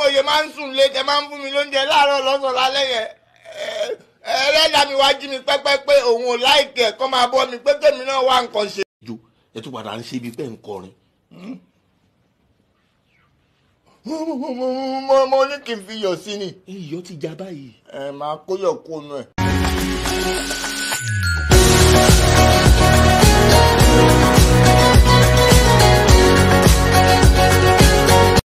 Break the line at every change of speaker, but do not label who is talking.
mo ṣe máa ń sùn lé tẹ máa ń fún mi lóúnjẹ láàárọ̀ lọ́sàn-án yẹn ẹlẹ́dàá mi wá mi pẹ́pẹ́ pé òun ò láìkẹ́ kọ́ máa bọ́ mi pé tèmi náà wá nǹkan ṣe.
ìjọ ẹ tún padà ń ṣe ibi bẹ́ẹ̀ ń kọrin.
mo ní kí n fi yọ̀ sí ni. iyọ̀ ti já báyìí. ẹ máa kóyọ̀ kónú ẹ̀.